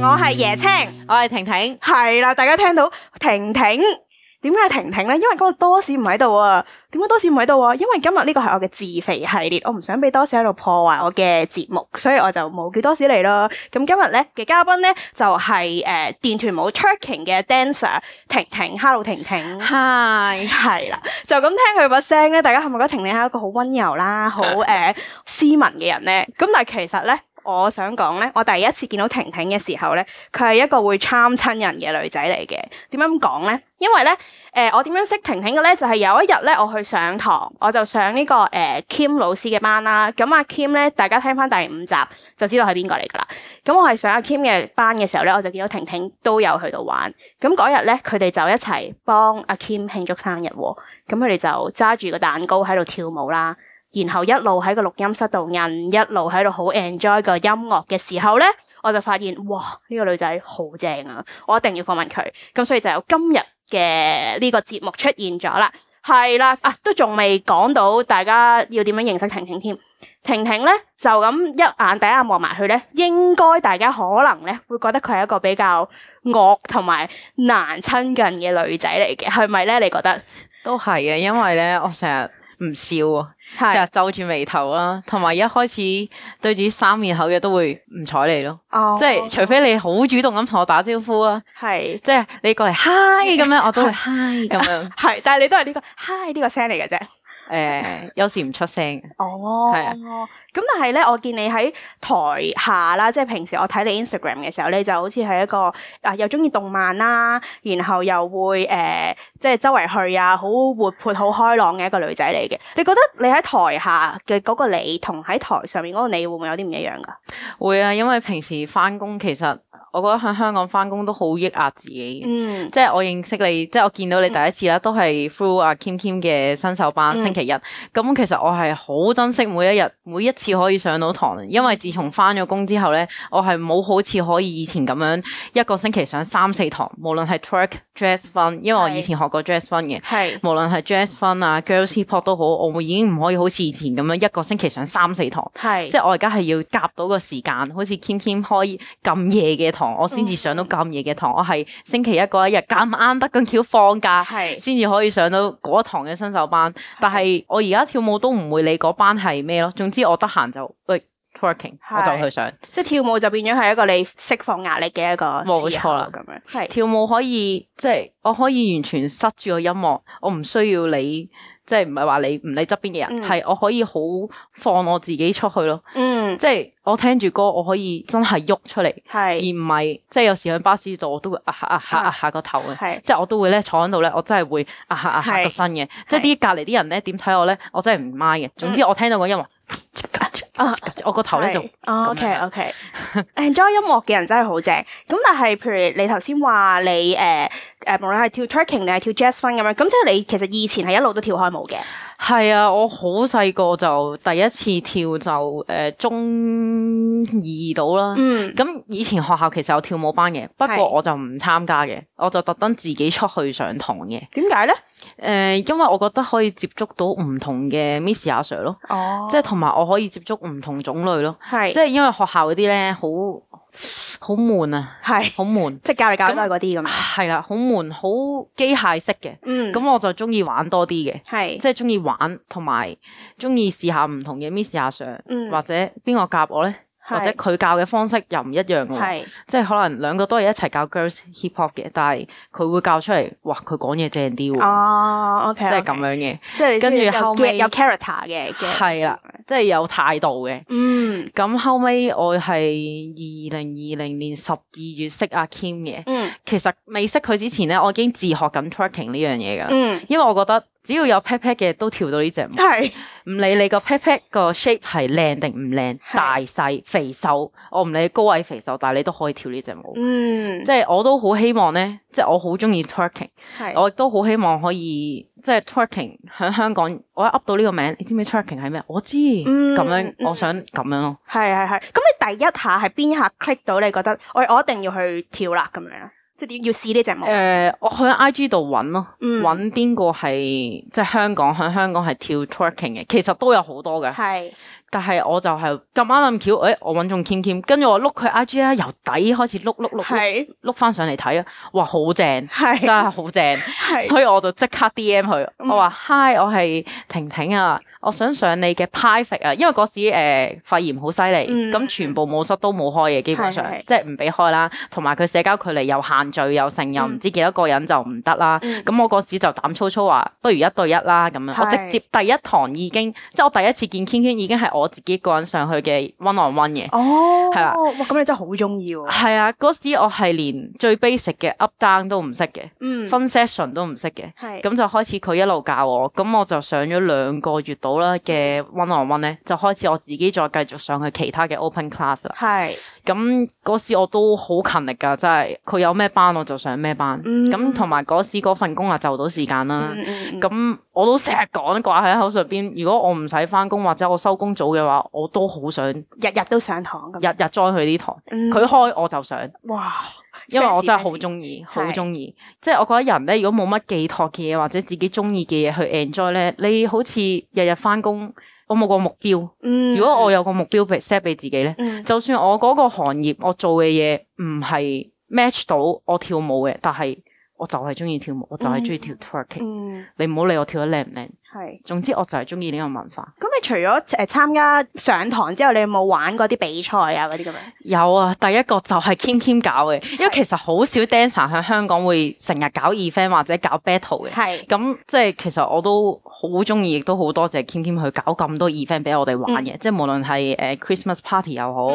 我係椰青，我係婷婷，係啦，大家聽到婷婷，點解係婷婷咧？因為嗰個多士唔喺度啊，點解多士唔喺度啊？因為今日呢個係我嘅自肥系列，我唔想俾多士喺度破壞我嘅節目，所以我就冇叫多士嚟咯。咁今日咧嘅嘉賓咧就係、是、誒、呃、電臀舞 Twerking 嘅 dancer 婷婷，hello 婷婷，hi 係啦，就咁聽佢把聲咧，大家係咪覺得婷婷係一個好溫柔啦，好誒、 uh, 斯文嘅人咧？咁但係其實咧。我想講咧，我第一次見到婷婷嘅時候咧，佢係一個會 charm 親人嘅女仔嚟嘅。點樣講咧？因為咧，誒、呃，我點樣識婷婷嘅咧？就係、是、有一日咧，我去上堂，我就上呢、這個誒、呃、Kim 老師嘅班啦。咁、啊、阿 Kim 咧，大家聽翻第五集就知道係邊個嚟噶啦。咁我係上阿、啊、Kim 嘅班嘅時候咧，我就見到婷婷都有去到玩。咁嗰日咧，佢哋就一齊幫阿 Kim 慶祝生日喎、哦。咁佢哋就揸住個蛋糕喺度跳舞啦。然後一路喺個錄音室度印，一路喺度好 enjoy 個音樂嘅時候咧，我就發現哇，呢個女仔好正啊！我一定要訪問佢，咁所以就有今日嘅呢個節目出現咗啦。係啦，啊，都仲未講到大家要點樣認識婷婷添。婷婷咧就咁一眼，第一眼望埋去咧，應該大家可能咧會覺得佢係一個比較惡同埋難親近嘅女仔嚟嘅，係咪咧？你覺得？都係嘅，因為咧，我成日。唔笑啊，就皺住眉頭啦、啊，同埋一開始對住啲三面口嘅都會唔睬你咯，即係除非你好主動咁同我打招呼啊，係，即係你過嚟嗨咁樣，我都會嗨咁樣，係，但係你都係呢個嗨呢 個聲嚟嘅啫。誒、呃，有時唔出聲。哦，哦，哦，哦，係啊。咁但係咧，我見你喺台下啦，即係平時我睇你 Instagram 嘅時候咧，你就好似係一個啊，又鍾意動漫啦、啊，然後又會誒、呃，即係周圍去啊，好活潑、好開朗嘅一個女仔嚟嘅。你覺得你喺台下嘅嗰個你，同喺台上面嗰個你，會唔會有啲唔一樣㗎、啊？會啊，因為平時返工其實。我覺得喺香港翻工都好抑壓自己、嗯，即係我認識你，即係我見到你第一次啦，都係 through 阿 Kim Kim 嘅新手班星期日咁、嗯、其實我係好珍惜每一日，每一次可以上到堂，因為自從翻咗工之後咧，我係冇好似可以以前咁樣一個星期上三四堂，無論係 Twerk Jazz Funk，因為我以前學過 Jazz Funk 嘅，是無論係 Jazz Funk 啊是 Girls Hip Hop 都好，我已經唔可以好似以前咁樣一個星期上三四堂，是即係我而家係要夾到個時間，好似 Kim Kim 開咁夜嘅。 我先至上到咁夜嘅堂，我係星期一嗰一日咁啱得咁巧放假，係先至可以上到嗰一堂嘅新手班。是但係我而家跳舞都唔會理嗰班係咩咯？總之我得閒就喂、like, twerking，、er、是我就去上。即係跳舞就變咗係一個你釋放壓力嘅一個冇錯啦。咁樣係跳舞可以即係、就是、我可以完全塞住個音樂，我唔需要理。即係唔係話你唔理側邊嘅人，係、嗯、我可以好放我自己出去咯。嗯，即係我聽住歌，我可以真係喐出嚟，係是而唔係即係有時喺巴士度，我都會啊下啊下啊下個頭嘅，係、啊、即係我都會咧坐喺度咧，我真係會啊下啊下個身嘅，是即係啲隔籬啲人咧點睇我咧，我真係唔 mind 嘅。總之我聽到個音樂。嗯啊！我個頭咧是就、啊、OK OK，enjoy、okay. 音樂嘅人真係好正。咁但係，譬如你頭先話你誒誒、呃，無論係跳 Twerking 定係跳 jazz fun 咁樣，咁即係你其實以前係一路都跳開舞嘅。係啊，我好細個就第一次跳就誒、呃、中二到啦。嗯，咁以前學校其實有跳舞班嘅，不過我就唔參加嘅，是我就特登自己出去上堂嘅。點解咧？誒、呃，因為我覺得可以接觸到唔同嘅 Miss 阿 Sir 咯，哦、即係同埋我可以接觸唔同種類咯，是即係因為學校嗰啲咧好好悶啊，係是好悶，即係教你教去嗰啲咁啊，係、嗯、啦，好悶，好機械式嘅，咁、嗯、我就中意玩多啲嘅，是即係中意玩試試同埋中意試下唔同嘅 Miss 阿 Sir，或者邊個夾我咧？或者佢教嘅方式又唔一樣喎，是即係可能兩個都係一齊教 girls hip hop 嘅，但係佢會教出嚟，哇！佢講嘢正啲喎，即係咁樣嘅，即係跟住後尾有 character 嘅，係啦，即係有態度嘅。嗯，咁後尾我係二零二零年十二月識阿、啊、Kim 嘅。嗯，其實未識佢之前咧，我已經自學緊 twerking 呢樣嘢噶。嗯，因為我覺得。只要有 pat pat 嘅都跳到呢隻舞，係唔理你個 pat pat 個 shape 係靚定唔靚，大細肥瘦，我唔理你高矮肥瘦，但係你都可以跳呢隻舞。嗯，即係我都好希望咧，即係我好中意 twerking 係是我亦都好希望可以即係、就是、twerking 喺香港，我一 up 到呢個名，你知唔知 twerking 係咩？我知，咁、嗯、樣我想咁樣咯。係係係，咁、嗯、你第一下係邊一下 click 到你覺得我我一定要去跳啦咁樣。點要試呢隻舞？誒、呃，我去 I G 度揾咯，揾邊個係即係香港喺香港係跳 Twerking 嘅，其實都有好多嘅，係是。但係我就係咁啱咁巧，誒、哎，我揾仲謙謙，跟住我碌佢 I G 咧，由底開始碌碌碌碌翻上嚟睇啊，哇，好正，係是真係好正，係是。 所以我就即刻 D M 佢，我話、嗯、Hi，我係婷婷啊。我想上你嘅 private 啊，因為嗰時誒、呃、肺炎好犀利，咁全部舞室都冇開嘅，基本上是是是即係唔俾開啦。同埋佢社交距離又限聚又剩，又唔知幾多個人就唔得啦。咁、嗯、我嗰時就膽粗粗話不如一對一啦咁樣是我直接第一堂已經即係我第一次見圈圈已經係我自己一個人上去嘅 one on one 嘅。哦，係啦、啊，哇！咁你真係好中意喎。係啊，嗰、啊、時我係連最 basic 嘅 up down 都唔識嘅，分、嗯、section 都唔識嘅，係咁的是就開始佢一路教我，咁我就上咗兩個月度。好啦嘅 one on one 咧，就開始我自己再繼續上去其他嘅 open class 啦。係咁嗰時我都好勤力噶，真係佢有咩班我就上咩班。咁同埋嗰時嗰份工啊就，就到時間啦。咁、嗯嗯嗯、我都成日講掛喺口上邊，如果我唔使翻工或者我收工早嘅話，我都好想日日都上堂，日日再去佢啲堂，佢、嗯、開我就上。哇！因為我真係好中意，好中意。是即係我覺得人咧，如果冇乜寄託嘅嘢，或者自己中意嘅嘢去 enjoy 咧，你好似日日翻工，我冇個目標。嗯、如果我有個目標 set 俾自己咧，嗯、就算我嗰個行業我做嘅嘢唔係 match 到我跳舞嘅，但係。我就係中意跳舞，我就係中意跳 Twerking、嗯。你唔好理我跳得靚唔靚，係是。總之我就係中意呢個文化。咁你除咗誒參加上堂之後，你有冇玩過啲比賽啊？嗰啲咁樣？有啊，第一個就係 Kim Kim 搞嘅。是因為其實好少 dancer 喺香港會成日搞 event 或者搞 battle 嘅。係是。咁即係其實我都好中意，亦都好多謝 Kim Kim 去搞咁多 event 俾我哋玩嘅，嗯、即係無論係誒 Christmas party 又好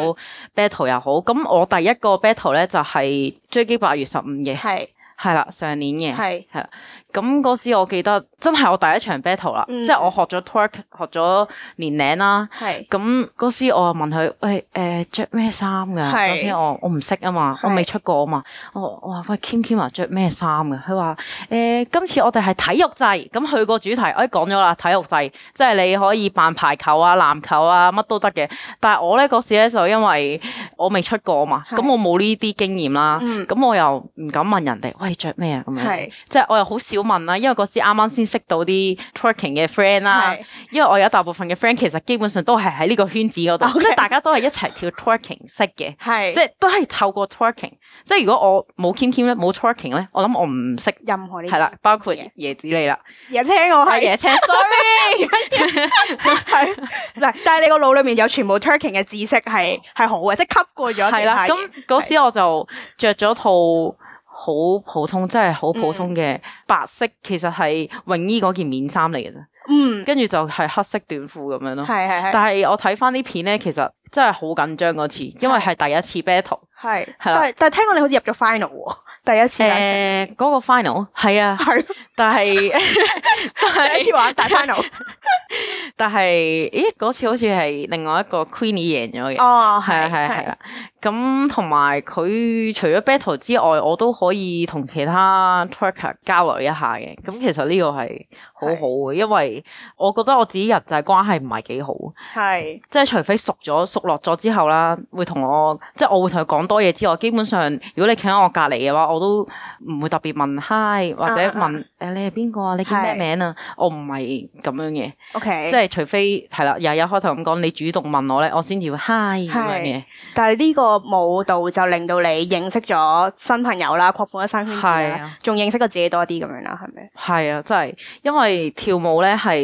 battle 又好。咁、嗯、我第一個 battle 咧就係、是、追擊八月十五夜。係是。係啦，上年嘅係，係啦是。咁嗰時我記得真係我第一場 battle 啦，嗯、即係我學咗 Twerk，學咗年齡啦。係咁嗰時我又問佢：喂，誒着咩衫噶？嗰是時我我唔識啊嘛，我未出過啊嘛。是我我話：喂，Kim Kim 啊，着咩衫噶？佢話：誒、呃，今次我哋係體育制。」咁佢個主題我、哎、講咗啦，體育制，即係你可以扮排球啊、籃球啊乜都得嘅。但係我咧嗰時咧就因為我未出過啊嘛，咁是我冇呢啲經驗啦，咁、嗯、我又唔敢問人哋。係着咩啊？咁樣，即係我又好少問啦，因為嗰時啱啱先識到啲 Twerking 嘅 friend 啦。因為我有大部分嘅 friend 其實基本上都係喺呢個圈子嗰度，即係大家都係一齊跳 Twerking 識嘅，即係都係透過 Twerking。即係如果我冇 Ting Ting 咧，冇 Twerking 咧，我諗我唔識任何嘢。係啦，包括椰子你啦，椰青我係椰青，sorry。係，唔係，但係你個腦裏面有全部 Twerking 嘅知識係係好嘅，即係吸過咗。係啦，咁嗰時我就着咗套。好普通，真係好普通嘅白色，其實係泳衣嗰件棉衫嚟嘅啫。嗯，跟住就係黑色短褲咁樣咯。係係係。但係我睇翻啲片咧，其實真係好緊張嗰次，因為係第一次 battle。係係係的。但係但係，聽講你好似入咗 final 喎。第一次，第一次。誒、呃，嗰、嗰個 final。係啊。係。但係係，第一次玩大 final。 但係，咦？嗰次好似係另外一個 Queenie 贏咗嘅。哦，係係係啦。的咁同埋佢除咗 battle 之外，我都可以同其他 twerker 交流一下嘅。咁其實呢個係好好嘅，是因為我覺得我自己人際關係唔係幾好，係是，即係除非熟咗熟落咗之後啦，會同我即係我會同佢講多嘢之外，基本上如果你企喺我隔離嘅話，我都唔會特別問 hi 或者問誒、啊啊欸、你係邊個啊？你叫咩名啊？是我唔係咁樣嘅。O Okay . K，即係除非係啦，又一開頭咁講，你主動問我咧，我先至會 hi 咁是樣嘅。但係呢、這個。舞蹈就令到你認識咗新朋友啦，擴闊咗生圈子啦，仲是、啊、認識過自己多啲咁樣啦，係咪？係啊，真係，因為跳舞咧係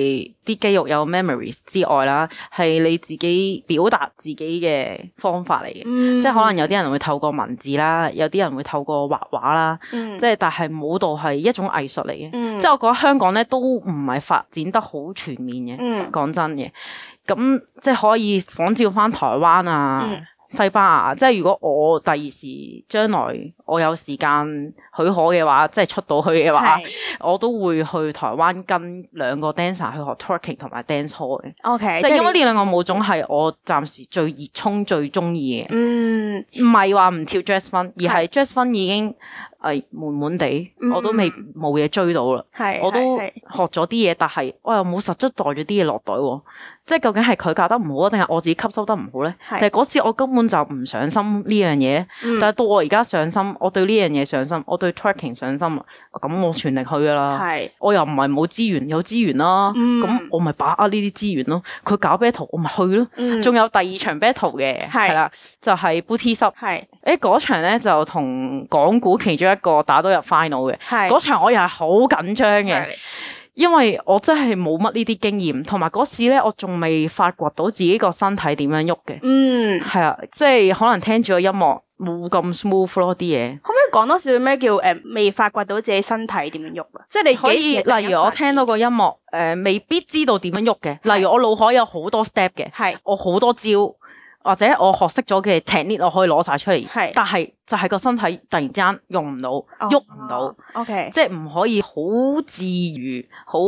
啲肌肉有 memories 之外啦，係你自己表達自己嘅方法嚟嘅，嗯、即係可能有啲人會透過文字啦，有啲人會透過畫畫啦，嗯、即係但係舞蹈係一種藝術嚟嘅，嗯、即係我覺得香港咧都唔係發展得好全面嘅，講、嗯、真嘅，咁即係可以仿照翻台灣啊。嗯西班牙，即係如果我第二時將來我有時間許可嘅話，即係出到去嘅話，是我都會去台灣跟兩個 dancer 去學 twerking 同埋 dance hall 嘅。O Okay , K，即係因為呢兩個舞種係我暫時最熱衷最中意嘅。嗯，唔係話唔跳 jazz funk，而係 jazz funk 已經。係悶悶地，我都未冇嘢追到啦。我都學咗啲嘢，但係我又冇實質載咗啲嘢落袋喎。即係究竟係佢教得唔好啊，定係我自己吸收得唔好咧？但係嗰時我根本就唔上心呢樣嘢，就係到我而家上心。我對呢樣嘢上心，我對 twerking 上心，咁我全力去噶啦。係，我又唔係冇資源，有資源啦。咁我咪把握呢啲資源咯。佢搞 battle 我咪去咯。仲有第二場 battle 嘅係啦，就係 Booty Shop。嗰場咧就同港股其中一一個打到入 final 嘅，嗰是場我又係好緊張嘅，的因為我真係冇乜呢啲經驗，同埋嗰時咧我仲未發掘到自己個身體點樣喐嘅。嗯，係啊，即係可能聽住個音樂冇咁 smooth 咯啲嘢。可唔可以講多少咩叫誒未、呃、發掘到自己身體點樣喐啊？即係你可以，例如我聽到個音樂誒、呃，未必知道點樣喐嘅。的例如我腦海有好多 step 嘅，係的我好多招。或者我學識咗嘅 technique 我可以攞晒出嚟，是但係就係個身體突然之間用唔到，喐唔到，oh. Okay. 即係唔可以好自如、好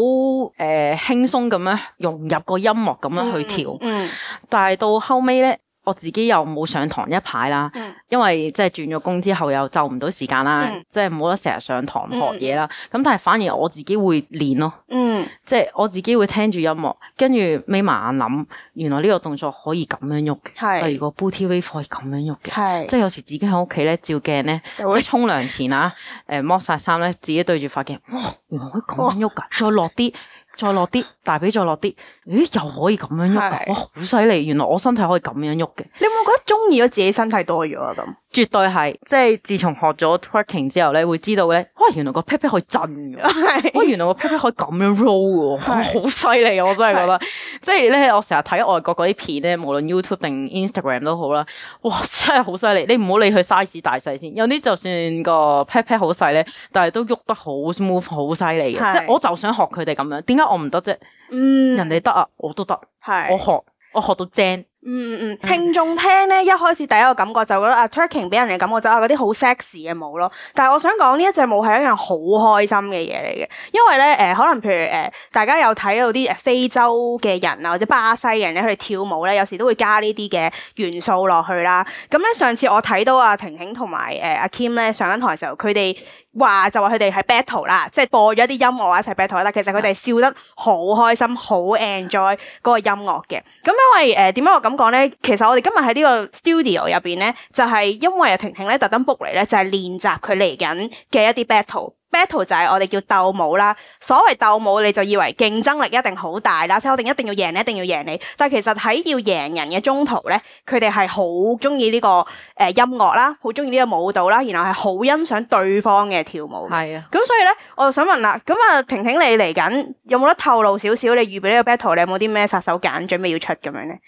誒輕鬆咁樣融入個音樂咁樣去跳，mm hmm. 但係到後尾咧。我自己又冇上堂一排啦，嗯、因為即係轉咗工之後又就唔到時間啦，嗯、即係冇得成日上堂學嘢啦。咁、嗯、但係反而我自己會練咯，嗯、即係我自己會聽住音樂，跟住眯埋眼諗，原來呢個動作可以咁樣喐嘅，係果 booty wave 可以咁樣喐嘅，係是即係有時自己喺屋企咧照鏡咧，即係沖涼前啊，誒、呃，剝晒衫咧，自己對住塊鏡，哇，原來可以咁樣喐噶哇， 再落啲，再落啲，大髀再落啲。咦，又可以咁樣喐噶？是哇，好犀利！原來我身體可以咁樣喐嘅。你有冇覺得中意咗自己身體多咗啊？咁絕對係，即係自從學咗 twerking 之後咧，會知道咧，哇，原來個 pat pat 可以震嘅，是哇，原來個 pat pat 可以咁樣 roll 嘅，是哇，好犀利！我真係覺得，是即係咧，我成日睇外國嗰啲片咧，無論 YouTube 定 Instagram 都好啦，哇，真係好犀利！你唔好理佢 size 大細先，有啲就算個 pat pat 好細咧，但係都喐得好 smooth，好犀利嘅。是是即係我就想學佢哋咁樣，點解我唔得啫？嗯，人哋得啊，我都得，係我學我學到精。嗯嗯嗯，聽眾聽咧，一開始第一個感覺就覺得、嗯、啊 Twerking 俾人嘅感覺就係嗰啲好 sexy 嘅舞咯。但係我想講呢一隻舞係一樣好開心嘅嘢嚟嘅，因為咧誒、呃，可能譬如誒、呃，大家有睇到啲非洲嘅人啊，或者巴西人咧，佢哋跳舞咧，有時都會加呢啲嘅元素落去啦。咁咧上次我睇到阿婷婷同埋誒阿 Kim 咧上台嘅時候，佢哋。話就話佢哋係 battle 啦，即係播咗一啲音樂一齊 battle 啦。其實佢哋笑得好開心，好 enjoy 嗰個音樂嘅。咁因為誒點解我咁講咧？其實我哋今日喺呢個 studio 入邊咧，就係因為婷婷咧特登 book 嚟咧，就係練習佢嚟緊嘅一啲 battle。Battle 就係我哋叫鬥舞啦，所謂鬥舞你就以為競爭力一定好大啦，即係我哋一定要贏你，一定要贏你。但係其實喺要贏人嘅中途咧，佢哋係好中意呢個誒音樂啦，好中意呢個舞蹈啦，然後係好欣賞對方嘅跳舞。係啊的，咁所以咧，我就想問啦，咁啊，婷婷你嚟緊有冇得透露少少？你預備呢個 battle，你有冇啲咩殺手鐧準備要出咁樣咧？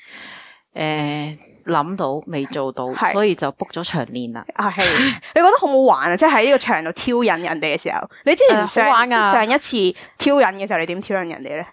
誒諗、欸、到未做到，是所以就 book 咗場練啦。係 你覺得好好玩啊？即係喺呢個場度挑釁人哋嘅時候，你之前想、呃、玩、啊、上一次挑釁嘅時候，你點挑釁人哋咧？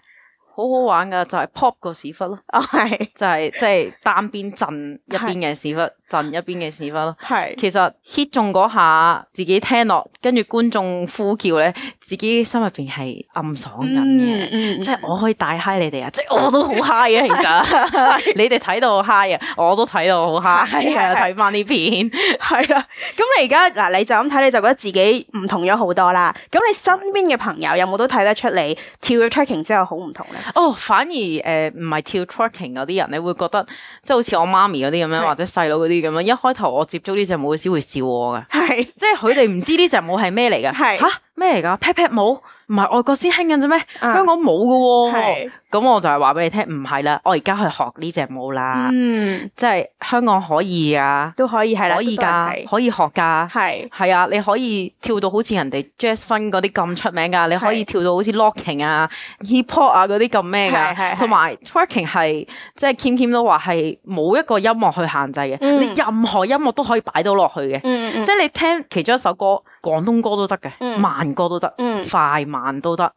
好好玩噶、啊，就係、是、pop 個屎忽咯。哦、 就是，係就係即係單邊震一邊嘅屎忽。 震一邊嘅屎忽啦，係是其實 hit 中嗰下自己聽落，跟住觀眾呼叫咧，自己心入邊係暗爽嘅。嗯嗯、即係我可以大嗨你哋啊，即係我都好嗨啊，其實你哋睇到好嗨啊，我都睇到好嗨 i 啊，睇翻呢片，係啦。咁你而家嗱，你就咁睇，你就覺得自己唔同咗好多啦。咁你身邊嘅朋友有冇都睇得出你跳 twerking 之後好唔同咧？哦，反而誒唔係跳 twerking 嗰啲人你會覺得即係好似我媽咪嗰啲咁樣，或者細佬嗰啲。咁啊！一開頭我接觸呢隻舞，先會笑我㗎，係是即係佢哋唔知呢隻舞係咩嚟㗎，係嚇咩嚟㗎？pat pat 舞唔係外國先興緊啫咩？Uh. 香港冇㗎喎。咁我就係話俾你聽，唔係啦，我而家去學呢隻舞啦。嗯，即係香港可以啊，都可以係啦，可以㗎，可以學㗎。係係啊，你可以跳到好似人哋 jazz 分嗰啲咁出名㗎，你可以跳到好似 locking 啊、hip hop 啊嗰啲咁咩㗎。同埋 tricking 係即係 k i 都話係冇一個音樂去限制嘅，你任何音樂都可以擺到落去嘅。即係你聽其中一首歌，廣東歌都得嘅，慢歌都得，快慢都得，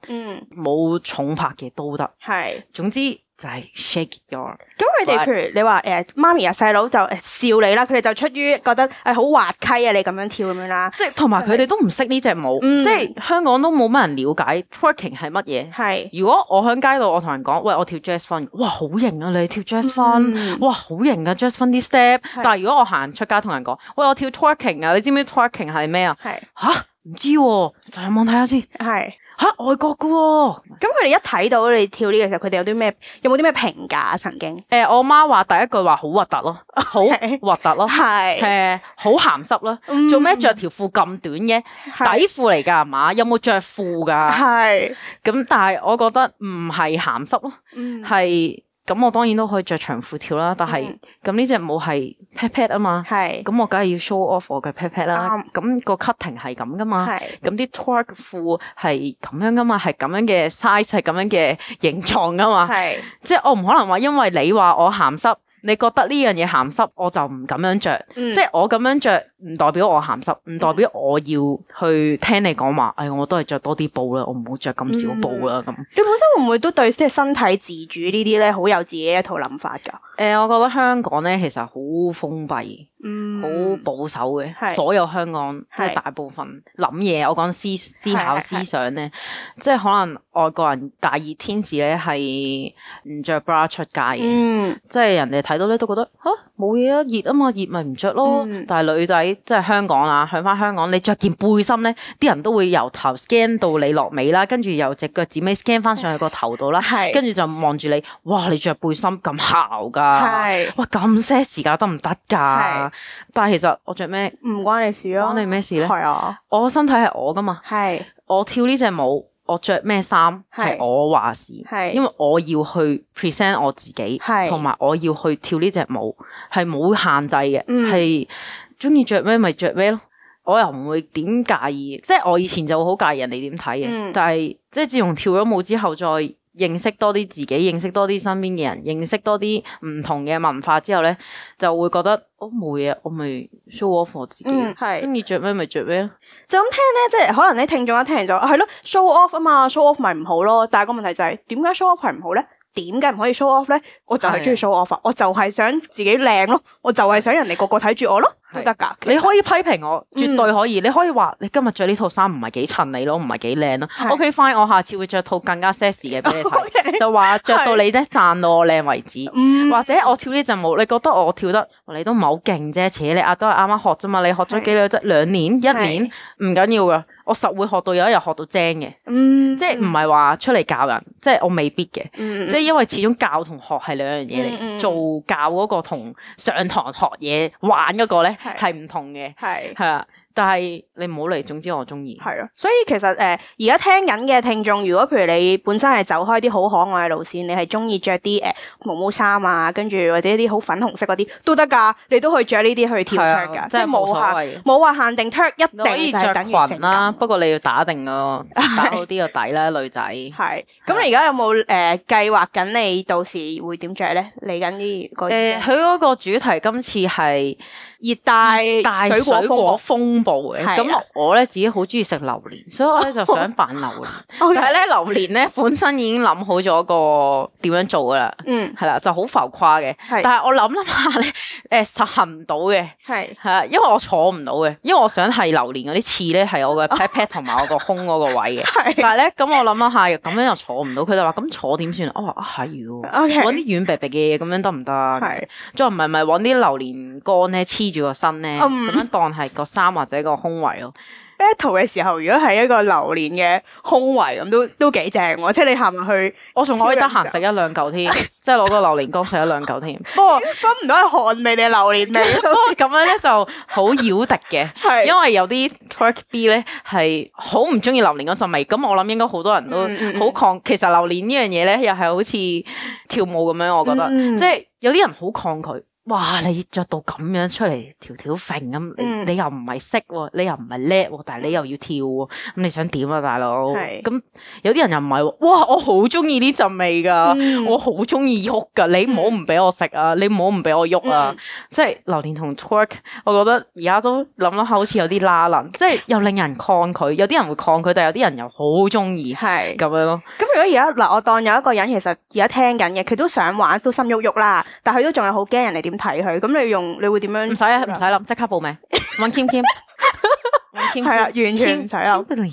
冇重拍嘅都得。係。總之就係 shake your。咁佢哋譬如你話，誒，媽咪啊，細佬就笑你啦。佢哋就出於覺得係好滑稽啊，你咁樣跳咁樣啦。即係同埋佢哋都唔識呢隻舞，即係香港都冇乜人了解 twerking 係乜嘢。係。如果我喺街度，我同人講，喂，我跳 jazz funk，哇，好型啊，你跳 jazz funk，哇，好型啊，jazz funk 啲 step。但係如果我行出街同人講，喂，我跳 twerking 啊，你知唔知 twerking 係咩啊？係吓唔知喎，上網睇下先。係。嚇、啊，外國嘅喎、哦，咁佢哋一睇到你跳呢個時候，佢哋有啲咩？有冇啲咩評價，啊？曾經，誒、欸、我媽話第一句話好核突咯，好核突咯，誒好鹹濕咯，做咩着條褲咁短嘅？是底褲嚟㗎係嘛？有冇着褲㗎？係是，咁 但係我覺得唔係鹹濕咯，係、嗯。咁我當然都可以着長褲跳啦，但係咁呢隻舞係 pat pat 啊嘛，咁是 我梗係要 show off 我嘅 pat pat 啦。咁、嗯、個 cutting 係咁噶嘛，咁啲 twerk 褲係咁樣噶嘛，係咁樣嘅 size 係咁樣嘅形狀噶嘛，是 即係我唔可能話因為你話我鹹濕。你覺得呢樣嘢鹹濕，我就唔咁樣着。嗯、即係我咁樣着，唔代表我鹹濕，唔代表我要去聽你講話。嗯、哎，我都係着多啲布啦，我唔好着咁少布啦。咁、嗯、樣。你本身會唔會都對即係身體自主呢啲咧，好有自己一套諗法噶？誒、嗯，我覺得香港咧其實好封閉。嗯，好保守嘅，所有香港即係大部分諗嘢，我講思思考思想呢，即係可能外國人大熱天時呢係唔着 bra 出街嘅，即係人哋睇到呢都覺得吓冇嘢啊，熱啊嘛，熱咪唔着咯。但係女仔即係香港啦，向翻香港，你着件背心呢，啲人都會由頭 scan 到你落尾啦，跟住由隻腳趾尾 scan 翻上去個頭度啦，跟住就望住你，哇，你着背心咁姣噶，哇咁些 e x 得唔得噶？但係其實我着咩唔關你事咯，關你咩事咧？係啊，我身體係我噶嘛，係我跳呢隻舞，我着咩衫係我話事，係因為我要去 present 我自己，係同埋我要去跳呢隻舞係冇限制嘅，係中意着咩咪着咩咯，我又唔會點介意，即係我以前就會好介意人哋點睇嘅，嗯、但係即係自從跳咗舞之後再。認識多啲自己，認識多啲身邊嘅人，認識多啲唔同嘅文化之後咧，就會覺得我冇嘢，我咪 show off 自己，係中意着咩咪着咩咯。就咁聽咧，即係可能你聽眾一聽完就係咯、啊，show off 啊嘛，show off 咪唔好咯。但係個問題就係、是，點解 show off 係唔好咧？點解唔可以 show off 咧？我就係中意 show off，的我就係想自己靚咯，我就係想人哋個個睇住我咯。都得噶，你可以批評我，絕對可以。你可以話你今日着呢套衫唔係幾襯你咯，唔係幾靚咯。OK fine，我下次會着套更加 sexy 嘅俾你睇，就話着到你咧讚到我靚為止。或者我跳呢隻舞，你覺得我跳得，你都唔係好勁啫。且你阿都係啱啱學啫嘛，你學咗幾耐啫？兩年、一年唔緊要噶，我實會學到有一日學到精嘅。即係唔係話出嚟教人，即係我未必嘅。即係因為始終教同學係兩樣嘢嚟，做教嗰個同上堂學嘢玩嗰個咧。係唔同嘅，係係啊！但係你唔好嚟，總之我中意係啊，所以其實誒，而、呃、家聽緊嘅聽眾，如果譬如你本身係走開啲好可愛嘅路線，你係中意着啲誒毛毛衫啊，跟住或者啲好粉紅色嗰啲都得噶，你都可以着呢啲去跳 twerk 噶，的即係冇吓，冇話限定 twerk，一定可以着裙啦。不過你要打定咯，打到啲個底啦，女仔。係咁， 你而家有冇誒計劃緊？呃、你到時會點着咧？嚟緊呢啲誒，佢嗰個主題今次係。熱帶大水果風暴嘅，咁的我咧自己好中意食榴蓮，所以我咧就想扮榴蓮 但係咧榴蓮咧本身已經諗好咗個點樣做㗎喇，嗯，係啦就好浮誇嘅，的但係我諗諗下咧。誒、欸，實行唔到嘅，係係啊，因為我坐唔到嘅，因為我想係榴蓮嗰啲刺咧係我個 pat pat 同埋我個胸嗰個位嘅。係 是，但係咧咁我諗下，咁樣又坐唔到，佢就話咁坐點算啊？我話啊係揾啲軟白白嘅嘢，咁 Okay. 樣得唔得？係是，再唔係咪揾啲榴蓮乾咧黐住個身咧，咁樣當係個衫或者個胸圍咯。嗯嗯 battle 嘅時候，如果係一個榴蓮嘅胸圍咁，都都幾正喎，即係你行埋去，我仲可以得閒食一兩嚿添，即係攞個榴蓮膏食一兩嚿添。不過分唔到係汗味定榴蓮味。 不過咁樣咧就好妖敵嘅， 是因為有啲 twerk B 咧係好唔中意榴蓮嗰陣味。咁是我諗應該好多人都好抗。嗯、其實榴蓮呢樣嘢咧，又係好似跳舞咁樣，我覺得、嗯、即係有啲人好抗拒。哇！你着到咁樣出嚟，條條揈咁，你又唔係識喎，你又唔係叻喎，但係你又要跳喎，咁你想點啊，大佬？咁是 有啲人又唔係喎，哇！我好中意呢陣味㗎，嗯、我好中意喐㗎，你唔好唔俾我食啊，嗯、你唔好唔俾我喐啊！嗯、即係榴蓮同 Twerk，我覺得而家都諗諗下，好似有啲拉楞，即係又令人抗拒。有啲人會抗拒，但有啲人又好中意，係咁是 樣咯。咁如果而家嗱，我當有一個人其實而家聽緊嘅，佢都想玩，都心喐喐啦，但係佢都仲係好驚人哋點。 提佢，咁你用，你會點樣？唔使啊，唔使諗，即刻報名，揾謙謙，Kimi 係啦，完全唔使啦。Kim，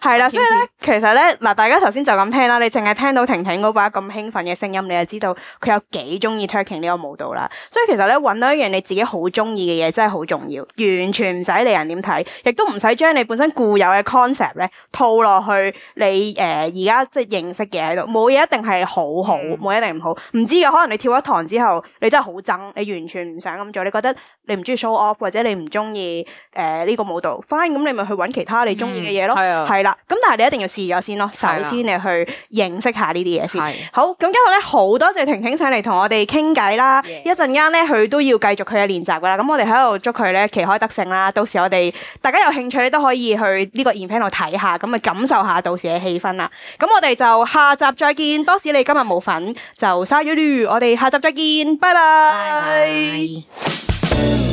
係啦，所以咧，其實咧，嗱，大家頭先就咁聽啦，你淨係聽到婷婷嗰把咁興奮嘅聲音，你就知道佢有幾中意 twerking 呢個舞蹈啦。所以其實咧，揾到一樣你自己好中意嘅嘢，真係好重要，完全唔使理人點睇，亦都唔使將你本身固有嘅 concept 咧套落去你誒而家即係認識嘅喺度。冇嘢一定係好好，冇、嗯、一定唔好，唔知嘅。可能你跳一堂之後，你真係好憎，你完全唔想咁做，你覺得你唔中意 show off 或者你唔中意誒呢個舞蹈 fine 咁你咪去揾其他你中意嘅嘢咯，係啊、嗯，係啦。咁但係你一定要試咗先咯，首先你去認識下呢啲嘢先。係。好，咁今日咧好多謝婷婷上嚟同我哋傾偈啦，一陣間咧佢都要繼續佢嘅練習噶啦，咁我哋喺度祝佢咧旗開得勝啦，到時我哋大家有興趣咧都可以去呢個影片度睇下，咁啊感受下到時嘅氣氛啦。咁我哋就下集再見，多士你今日冇份，就嘥咗囉，我哋下集再見，拜拜。Bye bye